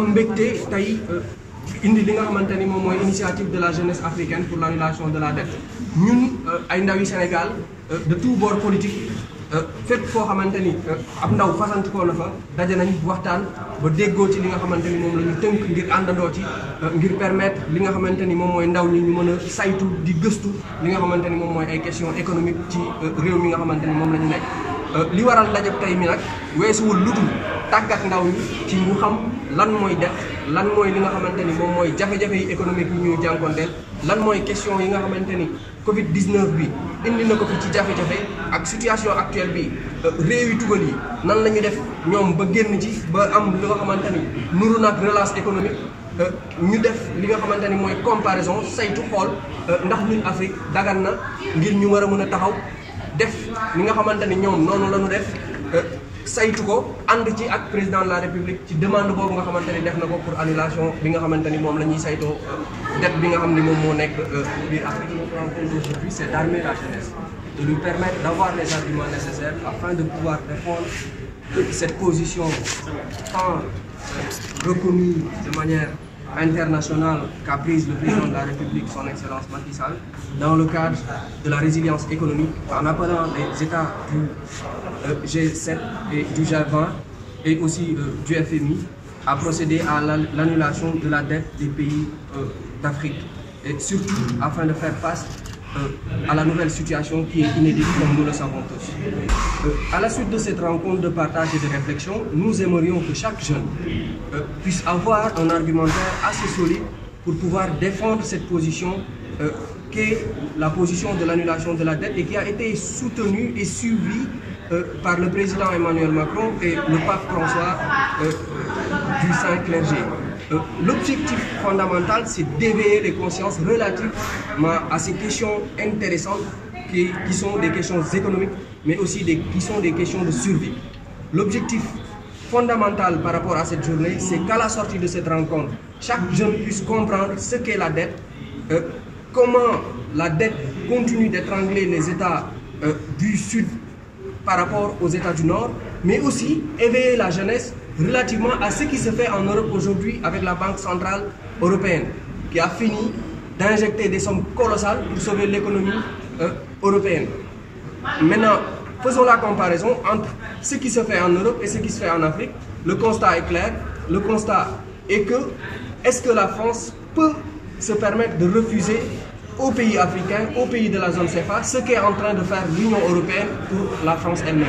am mbégte tey euh, indi li nga xamante ni moom mooy initiative de la jeunesse africaine pour la l'annulation de la dette ñun euh, ay ndawi Sénégal euh, de tout bord politique fépp foo xamante ni ab ndaw fasant koo fa daje nañ waxtaan ba déggoo ci li nga xamante ni moom la ñu tënk ngir àndandoo ci ngir permettre li nga xamante ni moom mooy ndaw ñi ñu mën a saytu di gëstu li nga xamante ni moom mooy ay question économique ci réew mi nga xamante ni moom la ñu nekk li waral dajab tey mi nag weesuwul lu dul tàggat ndaw yi ci ñu xam lan mooy def lan mooy li nga xamante ni moom mooy jafe-jafe yi économique yi ñuy jànkonteel lan mooy question yi nga xamante ni Covid 19 bi indi na ko fi ci jafe-jafe ak situation actuelle bi euh, réew yi tugal yi nan la ñu def ñoom ba génn ci ba am li nga xamante ni nuru naag relance économique. Euh, ñu def li nga xamante ni mooy comparaison saytu xool euh, ndax ñun Afrique dagan na ngir ñu war a mën a taxaw def li nga de la république la jeunesse, de lui permettre d'avoir les arguments nécessaires afin de pouvoir défendre euh, cette position tant euh, reconnue de manière internationale qu'a prise le président de la République, son Excellence Macky dans le cadre de la résilience économique, en appelant les États du euh, G7 et du G20 et aussi euh, du FMI à procéder à l'annulation de la dette des pays euh, d'Afrique, et surtout afin de faire face euh, à la nouvelle situation qui est inédite comme nous le savons tous. Euh, à la suite de cette rencontre de partage et de réflexion, nous aimerions que chaque jeune euh, puisse avoir un argumentaire assez solide pour pouvoir défendre cette position qui est la position de l'annulation de la dette et qui a été soutenue et suivie par le président Emmanuel Macron et le pape François du Saint-Clergé. Euh, l'objectif fondamental, c'est d'éveiller les consciences relatives à ces questions intéressantes qui, qui, sont des questions économiques, mais aussi des, qui sont des questions de survie. L'objectif fondamental par rapport à cette journée, c'est qu'à la sortie de cette rencontre, chaque jeune puisse comprendre ce qu'est la dette, euh, comment la dette continue d'étrangler les États euh, du Sud par rapport aux États du Nord, mais aussi éveiller la jeunesse relativement à ce qui se fait en Europe aujourd'hui avec la Banque Centrale Européenne, qui a fini d'injecter des sommes colossales pour sauver l'économie euh, européenne. Maintenant, faisons la comparaison entre ce qui se fait en Europe et ce qui se fait en Afrique. Le constat est clair. Le constat est que est-ce que la France peut se permettre de refuser aux pays africains, aux pays de la zone CFA, ce qu'est en train de faire l'Union européenne pour la France elle-même